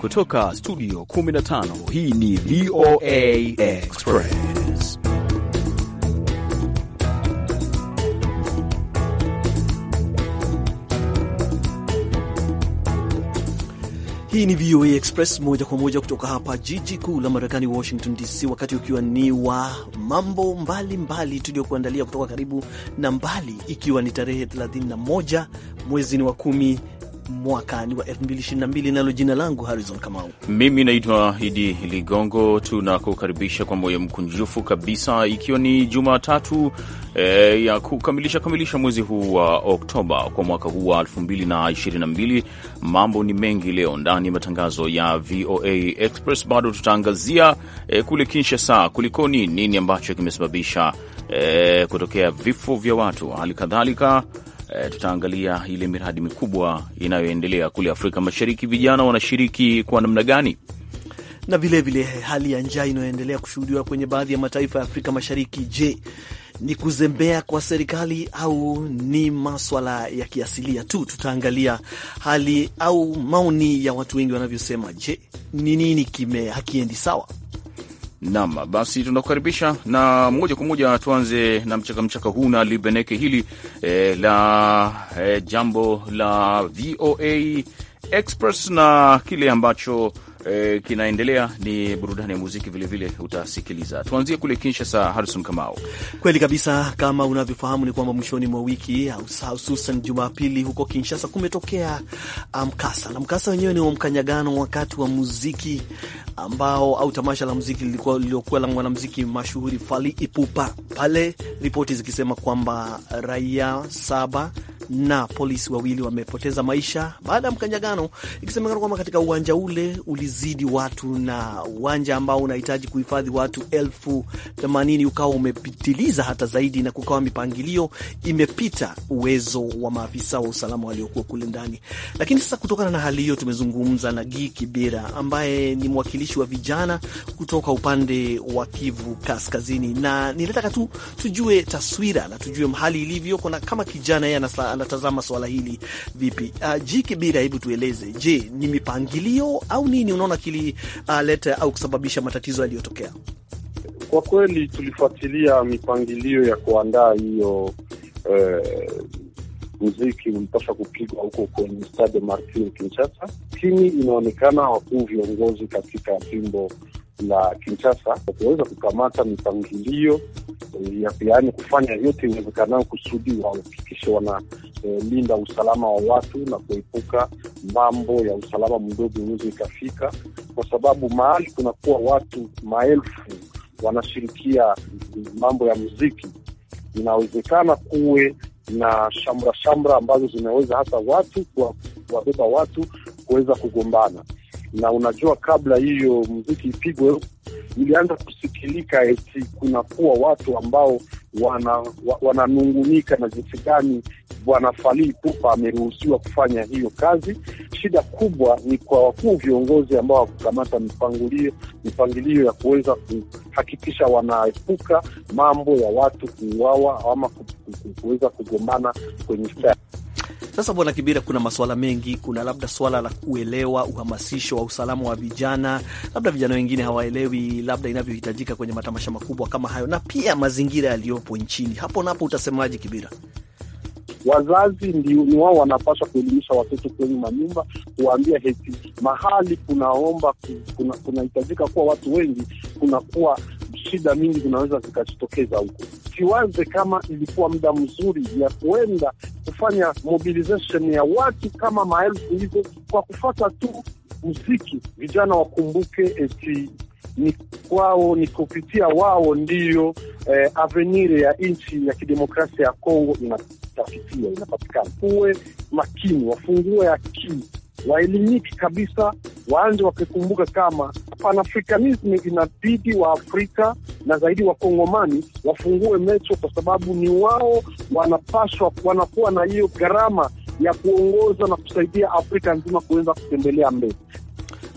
Kutoka studio 15 hii ni VOA Express. Hii ni VOA Express moja kwa moja kutoka hapa jiji kuu la Marekani, Washington DC, wakati ukiwa ni wa mambo mbalimbali tuliyokuandalia kutoka karibu na mbali, ikiwa ni tarehe 31 mwezi ni wa kumi ni wa 2022 nalo jina langu Harrison Kamau. Mimi naitwa Idi Ligongo, tunakukaribisha kwa moyo mkunjufu kabisa, ikiwa ni Jumatatu e, ya kukamilisha kamilisha mwezi huu wa Oktoba kwa mwaka huu wa 2022. Mambo ni mengi leo ndani ya matangazo ya VOA Express. Bado tutaangazia e, kule Kinshasa, kulikoni, nini ambacho kimesababisha e, kutokea vifo vya watu, hali kadhalika e, tutaangalia ile miradi mikubwa inayoendelea kule Afrika Mashariki, vijana wanashiriki kwa namna gani, na vilevile vile eh, hali ya njaa inayoendelea kushuhudiwa kwenye baadhi ya mataifa ya Afrika Mashariki. Je, ni kuzembea kwa serikali au ni maswala ya kiasilia tu? Tutaangalia hali au maoni ya watu wengi wanavyosema. Je, ni nini kime hakiendi sawa? Nam, basi tunakukaribisha na moja kwa moja tuanze na mchakamchaka huu na libeneke hili e, la e, jambo la VOA Express na kile ambacho e, kinaendelea ni burudani ya muziki vilevile utasikiliza. Tuanzie kule Kinshasa, Harison Kamau. Kweli kabisa, kama unavyofahamu ni kwamba mwishoni mwa wiki hususan Jumapili huko Kinshasa kumetokea ah, mkasa, na mkasa wenyewe ni wa mkanyagano wakati wa muziki ambao au tamasha la muziki liliokuwa la mwanamuziki mashuhuri Fali Ipupa, pale ripoti zikisema kwamba raia saba na polisi wawili wamepoteza maisha baada ya mkanyagano, ikisemekana kwamba katika uwanja ule ulizidi watu na uwanja ambao unahitaji kuhifadhi watu elfu themanini ukawa umepitiliza hata zaidi, na kukawa mipangilio imepita uwezo wa maafisa wa usalama waliokuwa kule ndani. Lakini sasa kutokana na hali hiyo, tumezungumza na Gi Kibira ambaye ni mwakilishi wa vijana kutoka upande wa Kivu Kaskazini, na nilitaka tu tujue taswira na tujue hali ilivyoko, na kama kijana yeye anatazama swala hili vipi? Uh, ah, Jiki Bira, hebu tueleze, je, ni mipangilio au nini unaona kilileta ah, uh, au kusababisha matatizo yaliyotokea? Kwa kweli tulifuatilia mipangilio ya kuandaa hiyo eh, muziki ulipasha kupigwa huko kwenye Stade Martyr Kinshasa, lakini inaonekana wakuu viongozi katika jimbo la Kinshasa wakiweza kukamata mipangilio, eh, yaani kufanya vyote iwezekanao kusudi wahakikishe wana kulinda usalama wa watu na kuepuka mambo ya usalama mdogo inaweza ikafika, kwa sababu mahali kunakuwa watu maelfu wanashirikia mambo ya muziki, inawezekana kuwe na shamra shamra ambazo zinaweza hata watu kuwabeba watu kuweza kugombana. Na unajua kabla hiyo muziki ipigwe, ilianza kusikilika eti kunakuwa watu ambao wana, wananungunika na jinsi gani Bwana fali Ipupa ameruhusiwa kufanya hiyo kazi. Shida kubwa ni kwa wakuu viongozi ambao wakukamata mipangilio mipangilio ya kuweza kuhakikisha wanaepuka mambo ya watu kuuawa ama kuweza kugombana kwenye stari. Sasa Bwana Kibira, kuna maswala mengi, kuna labda swala la kuelewa uhamasisho wa usalama wa vijana, labda vijana wengine hawaelewi labda inavyohitajika kwenye matamasha makubwa kama hayo, na pia mazingira yaliyopo nchini. Hapo napo utasemaje, Kibira? Wazazi ndio ni wao wanapaswa kuelimisha watoto kwenye manyumba, kuwaambia heti mahali kunaomba kunahitajika kuna kuwa watu wengi, kunakuwa shida mingi zinaweza zikajitokeza huko tusiwaze kama ilikuwa muda mzuri ya kuenda kufanya mobilization ya watu kama maelfu hivyo, kwa kufata tu muziki. Vijana wakumbuke eti ni kwao, ni kupitia wao ndiyo eh, avenir ya nchi ya kidemokrasia ya Kongo inatafitia inapatikana. Kuwe makini, wafungue akili, waelimiki kabisa waanze wakikumbuka kama panafrikanism inabidi Waafrika na zaidi Wakongomani wafungue mecho kwa sababu ni wao wanapaswa, wanakuwa na hiyo gharama ya kuongoza na kusaidia Afrika nzima kuweza kutembelea mbele.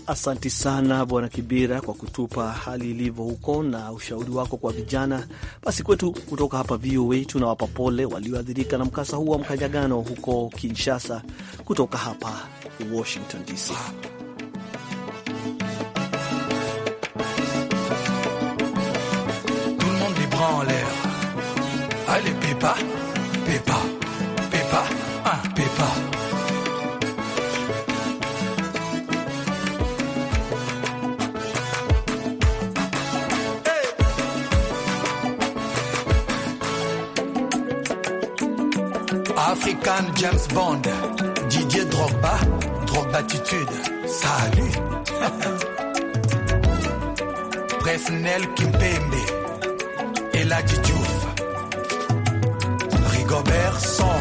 Asanti sana Bwana Kibira kwa kutupa hali ilivyo huko na ushauri wako kwa vijana. Basi kwetu kutoka hapa VOA tunawapa pole walioathirika na mkasa huu wa mkanyagano huko Kinshasa. Kutoka hapa Washington DC. James Bond, Didier Drogba, attitude, salut. Bref, Nel Kimpembe, et la Diouf, Rigobert Son.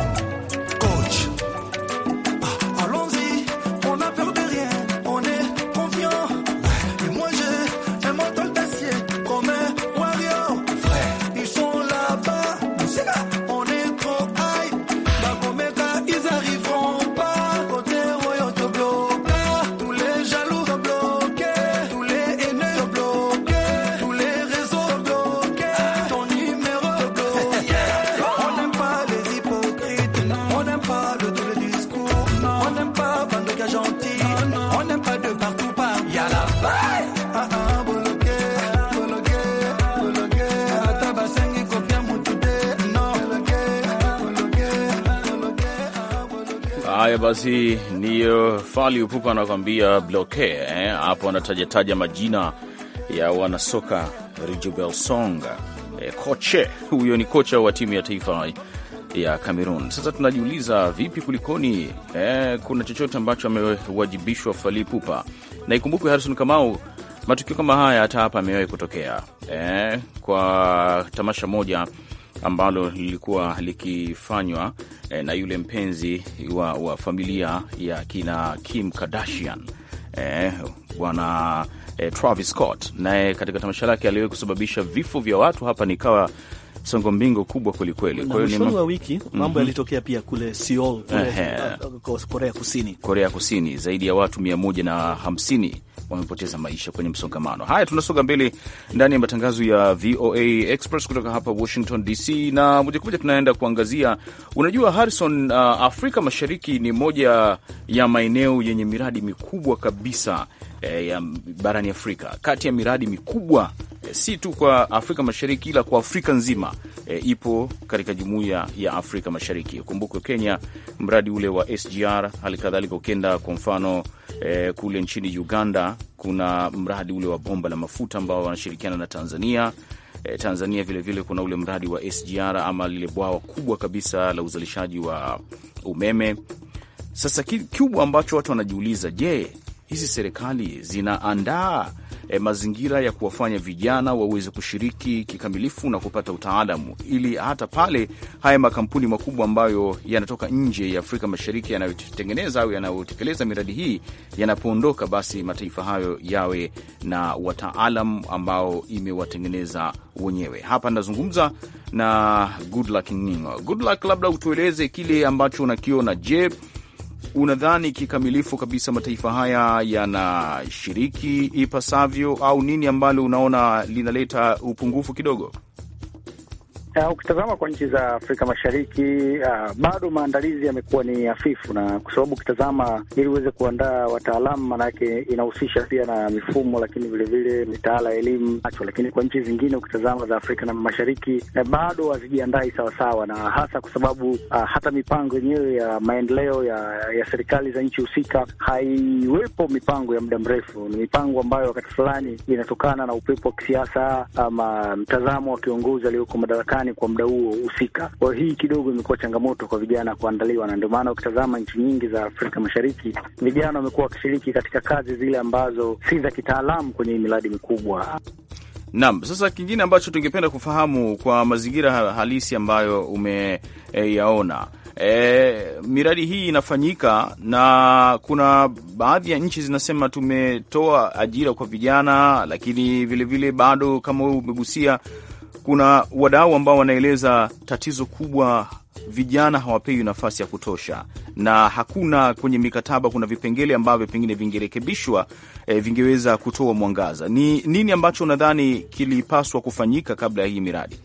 basi ni Fali Upupa anakuambia bloke eh? hapo eh, anatajataja majina ya wanasoka Rijubel Songa eh, koche huyo ni kocha wa timu ya taifa ya Cameroon. Sasa tunajiuliza vipi, kulikoni? Eh, kuna chochote ambacho amewajibishwa Fali Pupa? Na ikumbukwe harison Kamau, matukio kama haya hata hapa amewahi kutokea eh, kwa tamasha moja ambalo lilikuwa likifanywa eh, na yule mpenzi wa, wa familia ya kina Kim Kardashian eh, bwana eh, Travis Scott, naye katika tamasha lake aliwahi kusababisha vifo vya watu hapa, nikawa songo mbingo kubwa kwelikweli. Kwa hiyo ni wa wiki mhm. mambo mm -hmm. yalitokea pia kule Seoul, kule, uh, uh Korea Kusini, Korea Kusini, zaidi ya watu hamsini wamepoteza maisha kwenye msongamano. Haya, tunasonga mbele ndani ya matangazo ya VOA Express kutoka hapa Washington DC, na moja kwa moja tunaenda kuangazia, unajua Harrison, uh, Afrika Mashariki ni moja ya maeneo yenye miradi mikubwa kabisa Eh, ya barani Afrika, kati ya miradi mikubwa eh, si tu kwa Afrika Mashariki ila kwa Afrika nzima e, ipo katika jumuiya ya Afrika Mashariki. Kumbukwe Kenya, mradi ule wa SGR, hali kadhalika ukenda kwa mfano e, kule nchini Uganda kuna mradi ule wa bomba la mafuta ambao wanashirikiana na Tanzania. Tanzania vilevile vile kuna ule mradi wa SGR ama lile bwawa kubwa kabisa la uzalishaji wa umeme. Sasa kikubwa ambacho watu wanajiuliza, je, hizi serikali zinaandaa e, mazingira ya kuwafanya vijana waweze kushiriki kikamilifu na kupata utaalamu, ili hata pale haya makampuni makubwa ambayo yanatoka nje ya Afrika Mashariki yanayotengeneza au yanayotekeleza miradi hii yanapoondoka, basi mataifa hayo yawe na wataalam ambao imewatengeneza wenyewe. Hapa nazungumza na Goodluck Goodluck, labda utueleze kile ambacho unakiona. Je, unadhani kikamilifu kabisa mataifa haya yanashiriki ipasavyo, au nini ambalo unaona linaleta upungufu kidogo? Eh, ukitazama kwa nchi za Afrika Mashariki uh, bado maandalizi yamekuwa ni hafifu, na kwa sababu ukitazama ili uweze kuandaa wataalamu, maanake inahusisha pia na mifumo, lakini vilevile mitaala ya elimu nacho. Lakini kwa nchi zingine ukitazama za Afrika na Mashariki uh, bado hazijiandai sawasawa, na hasa kwa sababu uh, hata mipango yenyewe ya maendeleo ya, ya serikali za nchi husika haiwepo. Mipango ya muda mrefu ni mipango ambayo wakati fulani inatokana na upepo wa kisiasa ama mtazamo wa kiongozi aliyoko madarakani mitaani kwa muda huo husika. Kwa hii kidogo imekuwa changamoto kwa vijana kuandaliwa, na ndio maana ukitazama nchi nyingi za Afrika Mashariki vijana wamekuwa wakishiriki katika kazi zile ambazo si za kitaalamu kwenye miradi mikubwa. Naam, sasa kingine ambacho tungependa kufahamu kwa mazingira halisi ambayo umeyaona e, e, miradi hii inafanyika na kuna baadhi ya nchi zinasema tumetoa ajira kwa vijana, lakini vilevile vile bado kama wewe umegusia kuna wadau ambao wanaeleza tatizo kubwa, vijana hawapewi nafasi ya kutosha, na hakuna kwenye mikataba, kuna vipengele ambavyo pengine vingerekebishwa, e, vingeweza kutoa mwangaza. Ni nini ambacho unadhani kilipaswa kufanyika kabla ya hii miradi?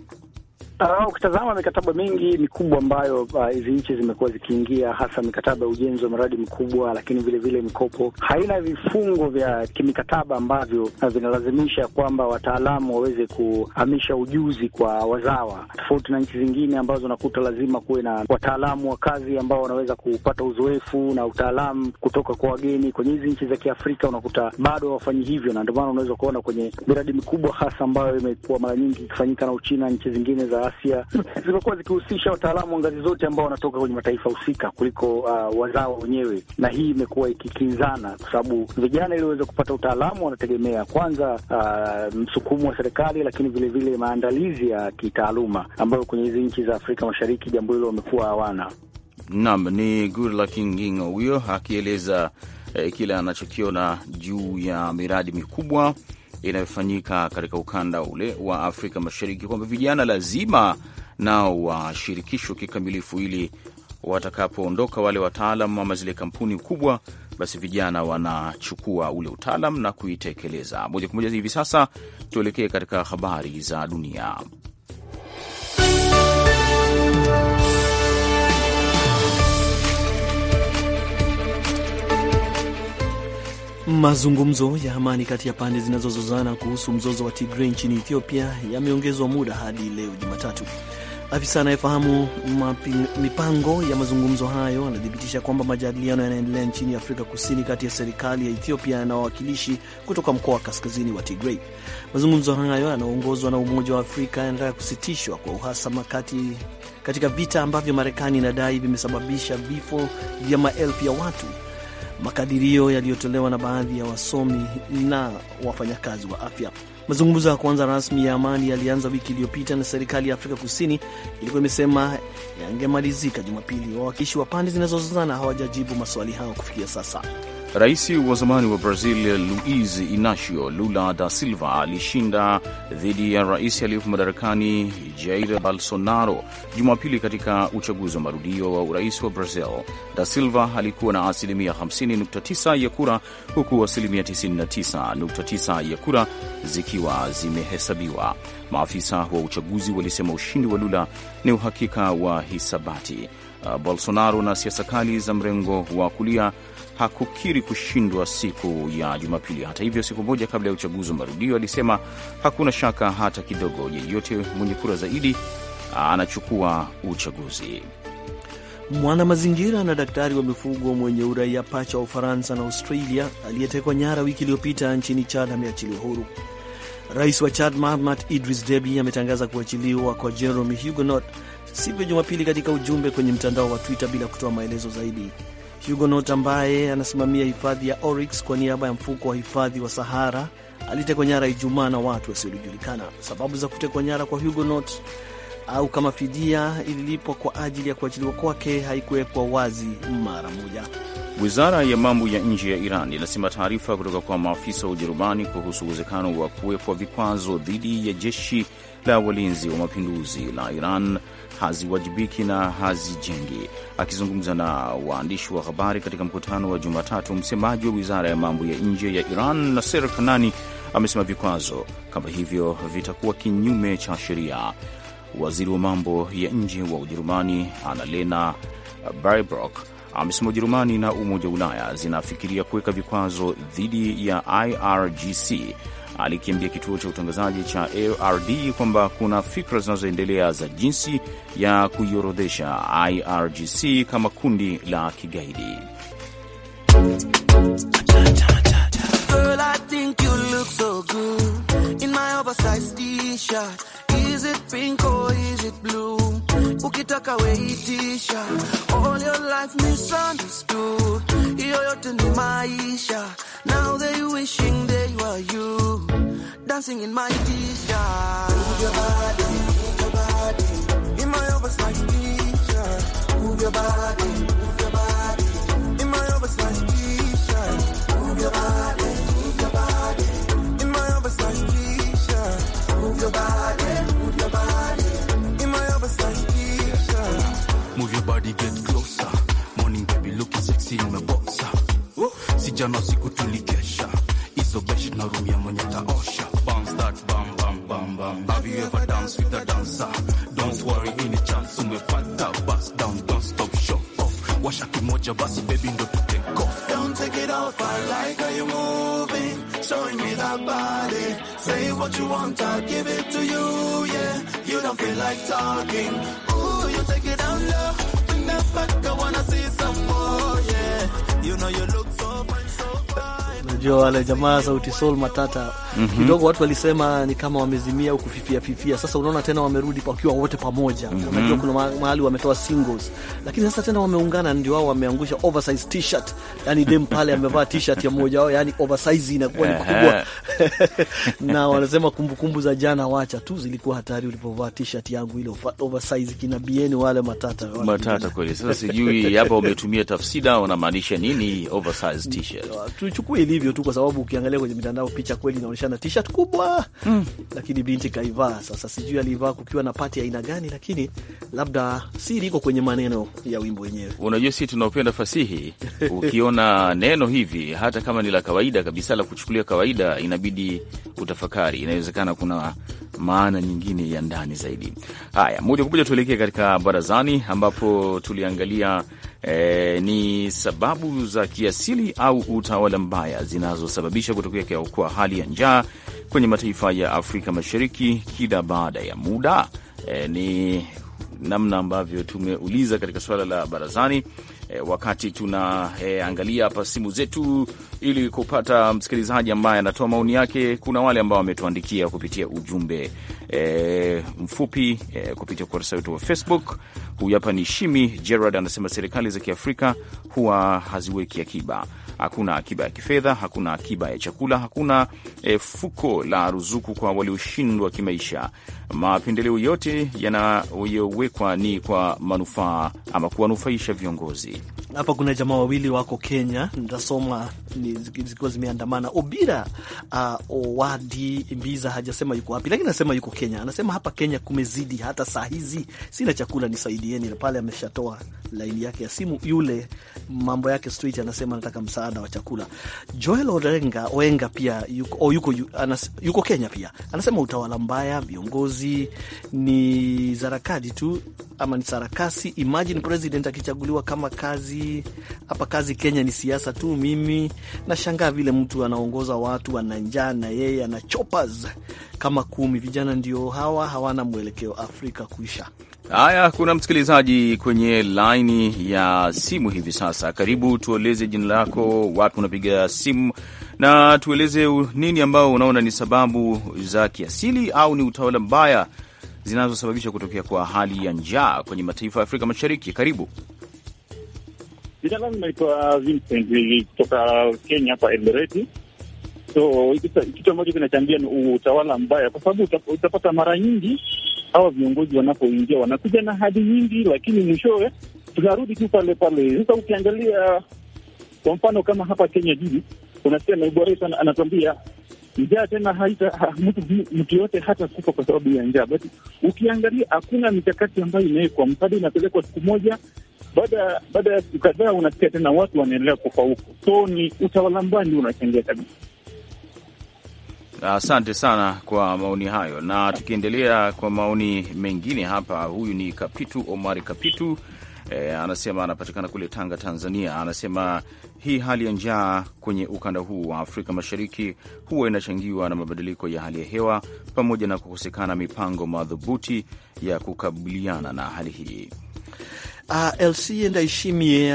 Uh, ukitazama mikataba mingi mikubwa ambayo ah, hizi uh, nchi zimekuwa zikiingia, hasa mikataba ya ujenzi wa miradi mikubwa, lakini vile vile mikopo haina vifungo vya kimikataba ambavyo ah, vinalazimisha kwamba wataalamu waweze kuhamisha ujuzi kwa wazawa, tofauti na nchi zingine ambazo unakuta lazima kuwe na wataalamu wa kazi ambao wanaweza kupata uzoefu na utaalamu kutoka kwa wageni. Kwenye hizi nchi za Kiafrika unakuta bado hawafanyi hivyo, na ndio maana unaweza kuona kwenye miradi mikubwa hasa ambayo imekuwa mara nyingi ikifanyika na Uchina, nchi zingine za Asia zimekuwa zikihusisha wataalamu wa ngazi zote ambao wanatoka kwenye mataifa husika kuliko uh, wazao wenyewe, na hii imekuwa ikikinzana kwa sababu vijana iliweza kupata utaalamu wanategemea kwanza uh, msukumo wa serikali, lakini vilevile vile maandalizi ya kitaaluma ambayo kwenye hizi nchi za Afrika Mashariki jambo hilo wamekuwa hawana. Naam, ni Goodluck Ngingo huyo akieleza eh, kile anachokiona juu ya miradi mikubwa inayofanyika katika ukanda ule wa Afrika Mashariki, kwamba vijana lazima nao washirikishwe kikamilifu, ili watakapoondoka wale wataalam ama zile kampuni kubwa, basi vijana wanachukua ule utaalam na kuitekeleza moja kwa moja. Hivi sasa tuelekee katika habari za dunia. Mazungumzo ya amani kati ya pande zinazozozana kuhusu mzozo wa tigrei nchini Ethiopia yameongezwa muda hadi leo Jumatatu. Afisa anayefahamu mipango ya mazungumzo hayo anathibitisha kwamba majadiliano yanaendelea nchini Afrika Kusini kati ya serikali ya Ethiopia na wawakilishi kutoka mkoa wa kaskazini wa tigrei Mazungumzo hayo yanaongozwa na Umoja wa Afrika yanataka kusitishwa kwa uhasama kati katika vita ambavyo Marekani inadai vimesababisha vifo vya maelfu ya watu makadirio yaliyotolewa na baadhi ya wasomi na wafanyakazi wa afya. Mazungumzo ya kwanza rasmi ya amani yalianza wiki iliyopita na serikali ya Afrika Kusini ilikuwa imesema yangemalizika Jumapili. Wawakilishi wa pande zinazozozana hawajajibu maswali hayo kufikia sasa. Rais wa zamani wa Brazil Luiz Inacio Lula da Silva alishinda dhidi ya rais aliyepo madarakani Jair Bolsonaro Jumapili katika uchaguzi wa marudio wa urais wa Brazil. Da Silva alikuwa na asilimia 50.9 ya kura huku asilimia 99.9 ya kura zikiwa zimehesabiwa. Maafisa wa uchaguzi walisema ushindi wa Lula ni uhakika wa hisabati. Uh, Bolsonaro na siasa kali za mrengo wa kulia hakukiri kushindwa siku ya Jumapili. Hata hivyo, siku moja kabla ya uchaguzi wa marudio alisema hakuna shaka hata kidogo, yeyote mwenye kura zaidi anachukua uchaguzi. Mwanamazingira na daktari wa mifugo mwenye uraia pacha wa Ufaransa na Australia aliyetekwa nyara wiki iliyopita nchini Chad ameachiliwa huru. Rais wa Chad Mahamat Idris Deby ametangaza kuachiliwa kwa Jeremy Hugonot siku ya Jumapili katika ujumbe kwenye mtandao wa Twitter bila kutoa maelezo zaidi. Hugonot ambaye anasimamia hifadhi ya Oryx kwa niaba ya mfuko wa hifadhi wa Sahara alitekwa nyara Ijumaa na watu wasiojulikana. Sababu za kutekwa nyara kwa Hugonot au kama fidia ililipwa kwa ajili ya kuachiliwa kwake haikuwekwa wazi mara moja. Wizara ya mambo ya nje ya Iran inasema taarifa kutoka kwa maafisa wa Ujerumani kuhusu uwezekano wa kuwekwa vikwazo dhidi ya jeshi la walinzi wa mapinduzi la Iran haziwajibiki na hazijengi. Akizungumza na waandishi wa habari katika mkutano wa Jumatatu, msemaji wa wizara ya mambo ya nje ya Iran Naser Kanani amesema vikwazo kama hivyo vitakuwa kinyume cha sheria. Waziri wa mambo ya nje wa Ujerumani Annalena Baerbock amesema Ujerumani na Umoja wa Ulaya zinafikiria kuweka vikwazo dhidi ya IRGC alikiambia kituo cha utangazaji cha ARD kwamba kuna fikra zinazoendelea za jinsi ya kuiorodhesha IRGC kama kundi la kigaidi. Girl, ukitaka weitisha. All your life misunderstood, hiyo yote ni maisha. Now they wishing they were you, dancing in my t-shirt. Move your body, move your body, in my oversized like t-shirt. Move your body, move your body, in my oversized like t-shirt. Move your body, move your body, in my oversized t-shirt. Move your body. Jana usiku tulikesha, hizo beshi narumia mwenye taosha. Bounce that bam bam bam bam. Have you ever danced with a dancer? Don't worry, any chance umepata, bust down, don't stop, show off. Washa kimoja basi baby ndo tu take off. Don't take it off, I like how you moving, showing me that body. Say what you want, I'll give it to you, yeah. You don't feel like talking. Ooh, you take it down low, bring that back, I wanna see some more, yeah. You know you look jo wale jamaa Sauti Sol Matata mm -hmm. Kidogo watu walisema ni kama wamezimia au kufifia fifia. Sasa unaona tena wamerudi wakiwa wote pamoja mm -hmm. Unajua kuna mahali wametoa singles, lakini sasa tena wameungana, ndio wao wameangusha oversize t-shirt, yani dem pale amevaa t-shirt ya mmoja wao, yani oversize inakuwa ni kubwa na wanasema kumbukumbu za jana, wacha tu zilikuwa hatari ulipovaa t-shirt yangu ile oversize, kina bieni wale Matata wale Matata kweli. Sasa sijui hapa umetumia tafsida, wanamaanisha nini oversize t-shirt, tuchukue ilivyo hivyo tu, kwa sababu ukiangalia kwenye mitandao picha kweli inaonyeshana t-shirt kubwa mm, lakini binti kaivaa. Sasa sijui alivaa kukiwa na pati aina gani, lakini labda siri iko kwenye maneno ya wimbo wenyewe. Unajua, sisi tunaopenda fasihi ukiona neno hivi, hata kama ni la kawaida kabisa la kuchukulia kawaida, inabidi utafakari, inawezekana kuna maana nyingine ya ndani zaidi. Haya, moja kwa moja tuelekee katika barazani ambapo tuliangalia e, ni sababu za kiasili au utawala mbaya zinazosababisha kutokea kwa hali ya njaa kwenye mataifa ya Afrika Mashariki kila baada ya muda. E, ni namna ambavyo tumeuliza katika suala la barazani e, wakati tunaangalia e, hapa simu zetu ili kupata msikilizaji ambaye anatoa maoni yake. Kuna wale ambao wametuandikia kupitia ujumbe e, mfupi e, kupitia ukurasa wetu wa Facebook. Huyu hapa ni Shimi Gerard anasema serikali za Kiafrika huwa haziweki akiba hakuna akiba ya kifedha, hakuna akiba ya chakula, hakuna e, fuko la ruzuku kwa walioshindwa kimaisha. Mapendeleo yote yanayowekwa ni kwa manufaa ama kuwanufaisha viongozi. Hapa kuna jamaa wawili wako Kenya, nitasoma zikiwa zimeandamana. Obira uh, Owadi Mbiza hajasema yuko wapi, lakini anasema yuko Kenya. Anasema hapa Kenya kumezidi, hata saa hizi sina chakula, nisaidieni. Pale ameshatoa laini yake ya simu, yule mambo yake street, anasema anataka msaada wa chakula. Joel Orenga, Oenga pia yuko, oh, yuko, anas, yuko Kenya pia, anasema utawala mbaya, viongozi ni zarakadi tu ama ni sarakasi. Imagine president akichaguliwa kama kazi kazi hapa kazi Kenya ni siasa tu. Mimi nashangaa vile mtu anaongoza watu ana njaa na yeye ana chopas kama kumi. Vijana ndio hawa, hawana mwelekeo. Afrika kuisha. Haya, kuna msikilizaji kwenye laini ya simu hivi sasa. Karibu, tueleze jina lako, wapi unapiga simu, na tueleze nini ambao unaona ni sababu za kiasili au ni utawala mbaya zinazosababisha kutokea kwa hali ya njaa kwenye mataifa ya Afrika Mashariki. Karibu. Jina langu naitwa Vincent kutoka Kenya, hapa Eldoret. So kitu ambacho kinachangia ni utawala mbaya, kwa sababu utapata mara nyingi hawa viongozi wanapoingia wanakuja na hadi nyingi, lakini mwishowe tunarudi tu pale pale. Sasa ukiangalia kwa mfano kama hapa Kenya jiji, unasikia naibu rais anatuambia njaa tena haita ha, mtu yote hata kufa kwa sababu ya njaa, basi ukiangalia hakuna mikakati ambayo inawekwa, msaada inapelekwa siku moja baada baada ya siku kadhaa unasikia tena watu wanaendelea kufa huko, so ni utawala mbaya ndio unachangia kabisa. Asante sana kwa maoni hayo, na tukiendelea kwa maoni mengine hapa, huyu ni Kapitu Omari Kapitu. E, anasema anapatikana kule Tanga, Tanzania. Anasema hii hali ya njaa kwenye ukanda huu wa Afrika Mashariki huwa inachangiwa na mabadiliko ya hali ya hewa pamoja na kukosekana mipango madhubuti ya kukabiliana na hali hii. Ah, LC enda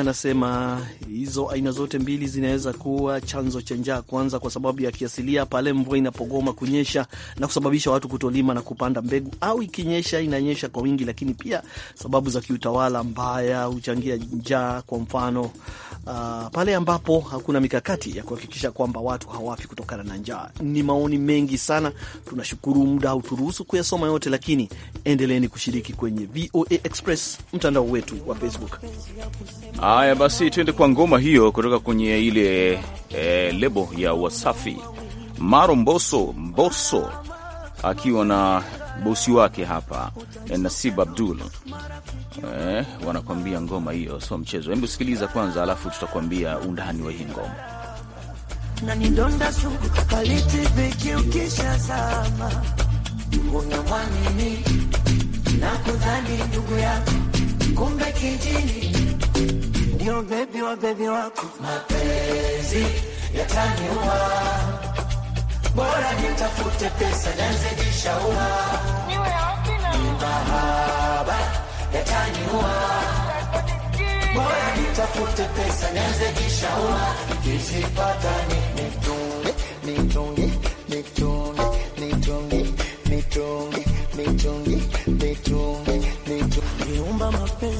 anasema hizo aina zote mbili zinaweza kuwa chanzo cha njaa, kwanza kwa sababu ya kiasilia, pale mvua inapogoma kunyesha na kusababisha watu kutolima na kupanda mbegu, au ikinyesha inanyesha kwa wingi, lakini pia sababu za kiutawala mbaya huchangia njaa. Kwa mfano uh, pale ambapo hakuna mikakati ya kuhakikisha kwamba watu hawafi kutokana na njaa. Ni maoni mengi sana, tunashukuru, muda hauturuhusu kuyasoma yote, lakini endeleeni kushiriki kwenye VOA Express mtandao wetu wa Facebook. Haya basi, twende kwa ngoma hiyo kutoka kwenye ile e, lebo ya Wasafi. Maro Mboso Mboso akiwa na bosi wake hapa eh, Nasib Abdul e, eh, wanakuambia ngoma hiyo sio mchezo. Hebu sikiliza kwanza, alafu tutakuambia undani wa hii ngoma na nidonda sugu palitibiki ukishazama unamwamini na kudhani ndugu yako kumbe kijini ndio bebi wa bebi wako, mapenzi yataniua, bora nitafute pesa nianze mahaba yataniua, bora nitafute pesa nianze jishaua, nikizipata nitunge nitunge nitunge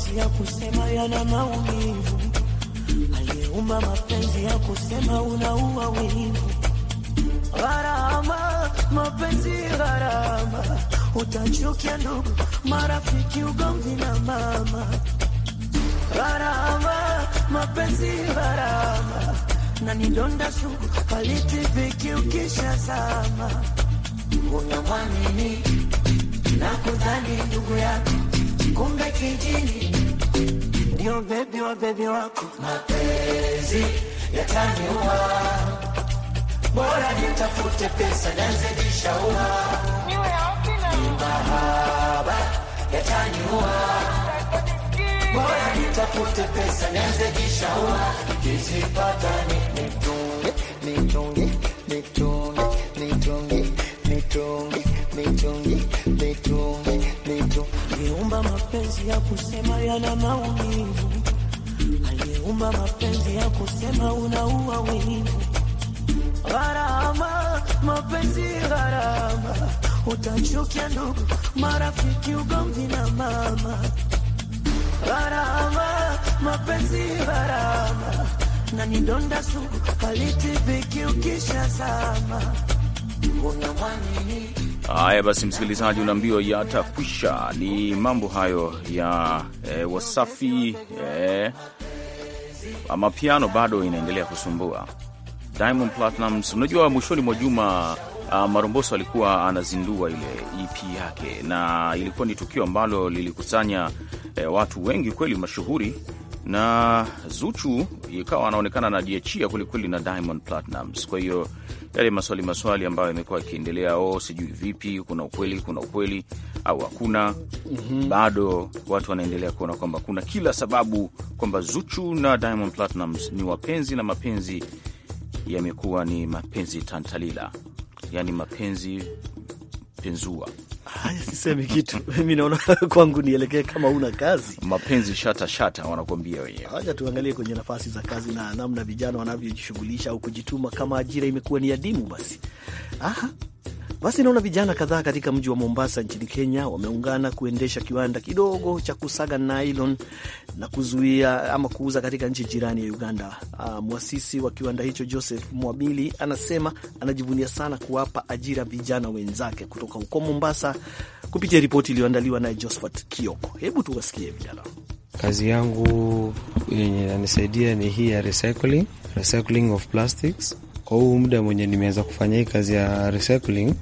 mapenzi ya kusema yana maumivu, aliyeumba mapenzi ya kusema unaua wivu. Gharama mapenzi, gharama utachukia ndugu, marafiki, ugomvi na mama. Gharama mapenzi, gharama na nidonda sugu halitibiki ukisha zama. Unamwamini na kudhani ndugu yako kijini ndio bebi wa bebi wako, mapenzi yataniua, bora nitafute pesa nanzejishaua, mahaba yataniua, bora nitafute pesa nanzejishaua, ikizipata nitunge nitunge nitunge nitunge nitunge nitunge mapenzi ya kusema yana maumivu, aliyeumba mapenzi ya kusema unaua wivu. Gharama mapenzi gharama, utachukia ndugu, marafiki, ugomvi na mama. Gharama mapenzi gharama, na ni donda sugu halitibiki ukishazama. Unamwamini Haya basi, msikilizaji, unaambiwa yatakwisha. Ni mambo hayo ya e, Wasafi e, eh, mapiano bado inaendelea kusumbua Diamond Platnumz. Unajua, mwishoni mwa juma uh, Maromboso alikuwa anazindua ile EP yake, na ilikuwa ni tukio ambalo lilikusanya e, watu wengi kweli mashuhuri na Zuchu ikawa anaonekana anajiachia kwelikweli na Diamond Platnumz. Kwa hiyo yale maswali maswali ambayo yamekuwa yakiendelea, o, oh, sijui vipi, kuna ukweli, kuna ukweli au hakuna. mm -hmm. Bado watu wanaendelea kuona kwamba kuna kila sababu kwamba Zuchu na Diamond Platnumz ni wapenzi na mapenzi yamekuwa ni mapenzi tantalila, yani mapenzi penzua Haya, sisemi kitu mimi, naona kwangu nielekee. Kama una kazi, mapenzi shata shata wanakuambia wenyewe. Haya, tuangalie kwenye nafasi za kazi na namna vijana wanavyojishughulisha au kujituma, kama ajira imekuwa ni adimu basi. Aha. Basi naona vijana kadhaa katika mji wa Mombasa nchini Kenya wameungana kuendesha kiwanda kidogo cha kusaga nylon na kuzuia ama kuuza katika nchi jirani ya Uganda. Uh, mwasisi wa kiwanda hicho Joseph Mwabili anasema anajivunia sana kuwapa ajira vijana wenzake kutoka huko Mombasa, kupitia ripoti iliyoandaliwa naye Josphat Kioko. Hebu tuwasikie vijana. Kazi yangu yenye inanisaidia ni hii ya recycling, recycling of plastics kwa huu muda mwenye nimeweza kufanya hii kazi ya recycling,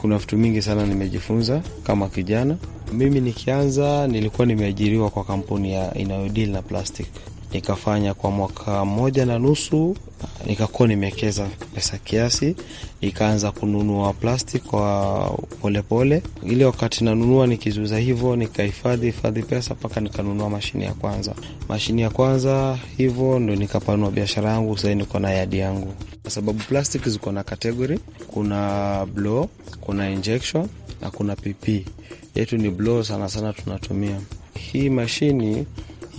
kuna vitu mingi sana nimejifunza kama kijana. Mimi nikianza, nilikuwa nimeajiriwa kwa kampuni ya inayodeal na plastic, nikafanya kwa mwaka mmoja na nusu nikakuwa nimewekeza pesa kiasi, nikaanza kununua plastic kwa polepole. Ile wakati nanunua nikizuza hivyo, nikahifadhi hifadhi pesa mpaka nikanunua mashini ya kwanza. Mashini ya kwanza hivyo ndo nikapanua biashara yangu. Sahii niko na yadi yangu, kwa sababu plastic ziko na kategori, kuna blow, kuna injection na kuna PP. Yetu ni blow sana sana tunatumia hii mashini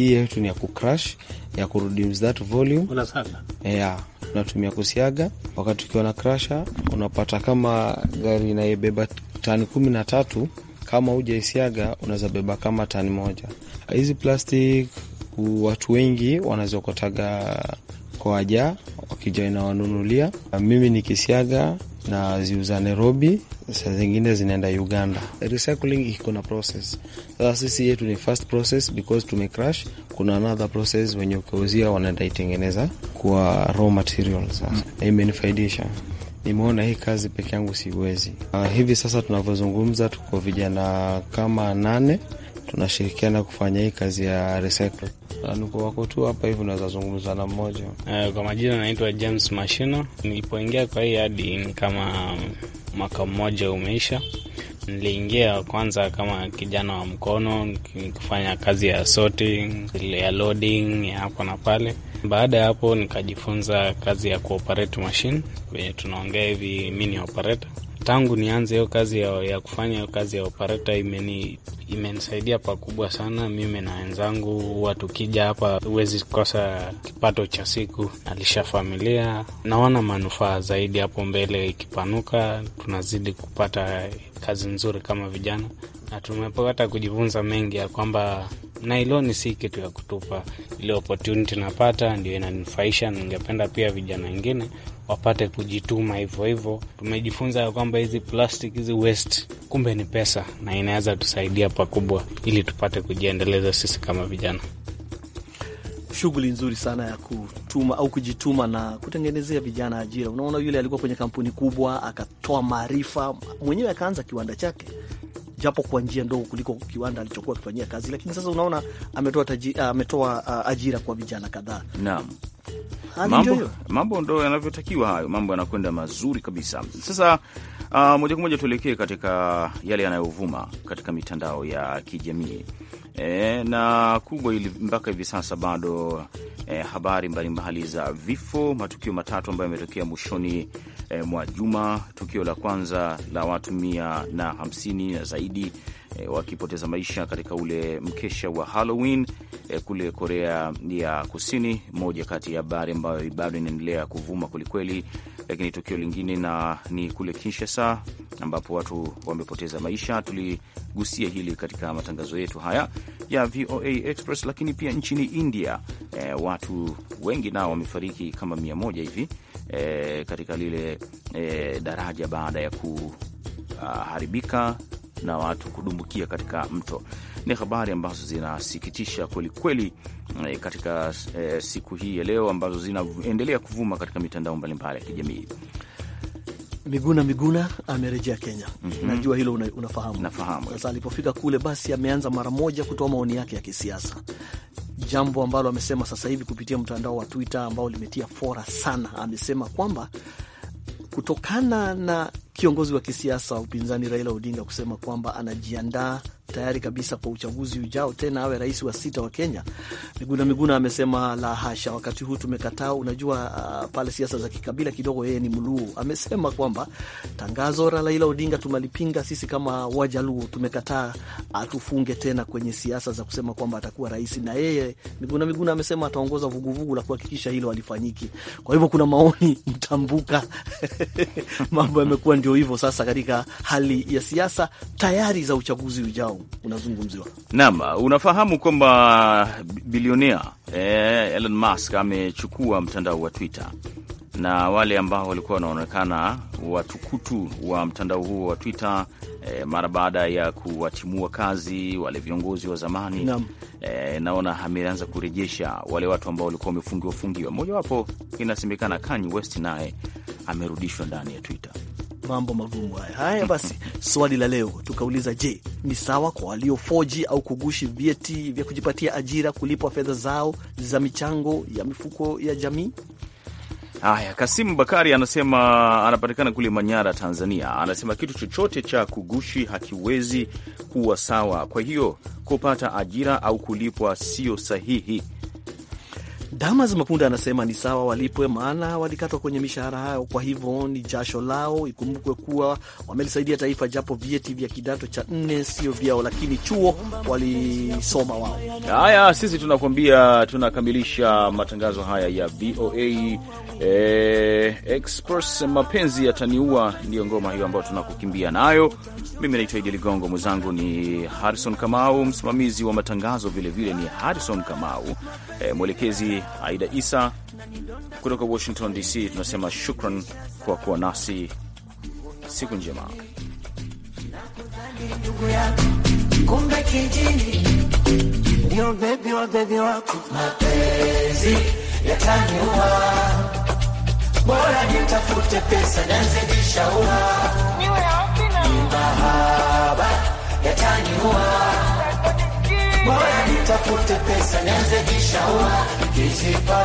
hii yetu ni ya kucrash ya kureduce that volume yeah, tunatumia kusiaga. Wakati ukiwa na crusher unapata kama gari inayebeba tani kumi na tatu kama hujaisiaga unaweza beba kama tani moja. Hizi plastic watu wengi wanazokotaga kwa wajaa wakija inawanunulia Mimi nikisiaga na ziuza Nairobi, saa zingine zinaenda Uganda. Recycling iko na process. Sasa sisi yetu ni first process because tumecrash. Kuna another process wenye ukiuzia wanaenda itengeneza kwa raw materials. Sasa mm. imenifaidisha Nimeona hii kazi peke yangu siwezi. Uh, hivi sasa tunavyozungumza tuko vijana kama nane tunashirikiana kufanya hii kazi ya recycle. Niko wako tu hapa hivi, unaweza zungumza na mmoja uh, kwa majina naitwa James Mashino. Nilipoingia kwa hii hadi ni kama mwaka mmoja umeisha. Niliingia kwanza kama kijana wa mkono nikifanya kazi ya sorting, ya loading ya hapa na pale. Baada ya hapo nikajifunza kazi ya kuoperate machine, venye tunaongea hivi mini operator tangu nianze hiyo kazi ya, ya kufanya hiyo kazi ya opereta imeni imenisaidia pakubwa sana. Mimi na wenzangu huwa tukija hapa, huwezi kukosa kipato cha siku, nalisha familia. Naona manufaa zaidi hapo mbele, ikipanuka tunazidi kupata kazi nzuri kama vijana, na tumepata kujifunza mengi ya kwamba nailoni si kitu ya kutupa. Ile opportunity napata ndio inanifaisha. Ningependa pia vijana wengine wapate kujituma hivyo hivyo. Tumejifunza ya kwamba hizi plastic hizi waste kumbe ni pesa na inaweza tusaidia pakubwa, ili tupate kujiendeleza sisi kama vijana. Shughuli nzuri sana ya kutuma au kujituma na kutengenezea vijana ajira. Unaona, yule alikuwa kwenye kampuni kubwa akatoa maarifa mwenyewe, akaanza kiwanda chake japo kwa njia ndogo kuliko kiwanda alichokuwa akifanyia kazi, lakini sasa unaona ametoa, ametoa uh, ajira kwa vijana kadhaa. Naam mambo, mambo ndo yanavyotakiwa hayo, mambo yanakwenda mazuri kabisa. Sasa uh, moja kwa moja tuelekee katika yale yanayovuma katika mitandao ya kijamii e, na kubwa ili mpaka hivi sasa bado e, habari mbalimbali za vifo, matukio matatu ambayo yametokea mwishoni e, mwa juma. Tukio la kwanza la watu mia na hamsini na zaidi e, wakipoteza maisha katika ule mkesha wa Halloween Eh, kule Korea ya Kusini, moja kati ya habari ambayo bado inaendelea kuvuma kwelikweli. Lakini tukio lingine na ni kule Kinshasa ambapo watu wamepoteza maisha. Tuligusia hili katika matangazo yetu haya ya VOA Express. Lakini pia nchini India e, watu wengi nao wamefariki kama mia moja hivi e, katika lile e, daraja baada ya kuharibika na watu kudumbukia katika mto. Ni habari ambazo zinasikitisha kwelikweli kweli eh, katika e, siku hii ya leo ambazo zinaendelea kuvuma katika mitandao mbalimbali ya kijamii. Miguna Miguna amerejea Kenya. mm -hmm. Najua hilo una, unafahamu. Nafahamu. Sasa alipofika kule, basi ameanza mara moja kutoa maoni yake ya kisiasa, jambo ambalo amesema sasa hivi kupitia mtandao wa Twitter ambao limetia fora sana. Amesema kwamba kutokana na kiongozi wa kisiasa wa upinzani Raila Odinga kusema kwamba anajiandaa tayari kabisa kwa uchaguzi ujao tena awe rais wa sita wa Kenya. Miguna Miguna amesema la hasha, wakati huu tumekataa. Unajua uh, pale siasa za kikabila kidogo, yeye ni Mluo. Amesema kwamba tangazo la Raila Odinga tumalipinga sisi kama Wajaluo, tumekataa atufunge tena kwenye siasa za kusema kwamba atakuwa rais, na yeye Miguna Miguna amesema ataongoza vuguvugu la kuhakikisha hilo halifanyiki. Kwa hivyo kuna maoni mtambuka mambo yamekuwa ndio hivyo sasa katika hali ya siasa tayari za uchaguzi ujao unazungumziwa. Naam, unafahamu kwamba bilionea eh, Elon Musk amechukua mtandao wa Twitter na wale ambao walikuwa wanaonekana watukutu wa mtandao huo wa Twitter e, mara baada ya kuwatimua kazi wale viongozi wa zamani e, naona ameanza kurejesha wale watu ambao walikuwa wamefungiwa fungiwa. Mmojawapo inasemekana Kanye West naye amerudishwa ndani ya Twitter mambo magumu haya. Haya basi, swali la leo tukauliza, je, ni sawa kwa waliofoji au kugushi vyeti vya kujipatia ajira kulipwa fedha zao za michango ya mifuko ya jamii? Haya, Kasimu Bakari anasema anapatikana kule Manyara, Tanzania. Anasema kitu chochote cha kugushi hakiwezi kuwa sawa, kwa hiyo kupata ajira au kulipwa sio sahihi. Damas Mapunda anasema ni sawa walipwe, maana walikatwa kwenye mishahara yao, kwa hivyo ni jasho lao. Ikumbukwe kuwa wamelisaidia taifa, japo vyeti vya kidato cha nne sio vyao, lakini chuo walisoma wao. Haya, sisi tunakuambia, tunakamilisha matangazo haya ya VOA eh, Express. Mapenzi yataniua ndiyo ngoma hiyo ambayo tunakukimbia nayo. Mimi naitwa Idi Ligongo, mwenzangu ni Harrison Kamau, msimamizi wa matangazo vilevile vile ni Harrison Kamau, eh, mwelekezi Aida Isa kutoka Washington DC, tunasema shukran kwa kuwa nasi. Siku njema. Kumbe kijini ndio bebi wa bebi wako, mapenzi yataniua, bora nitafute pesa mahaba yataniua, bora nitafute pesa shawa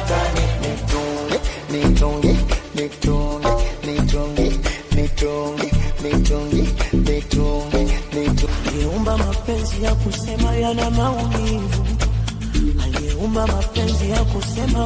aliyeumba mapenzi ya kusema yana maumivu aliyeumba mapenzi ya kusema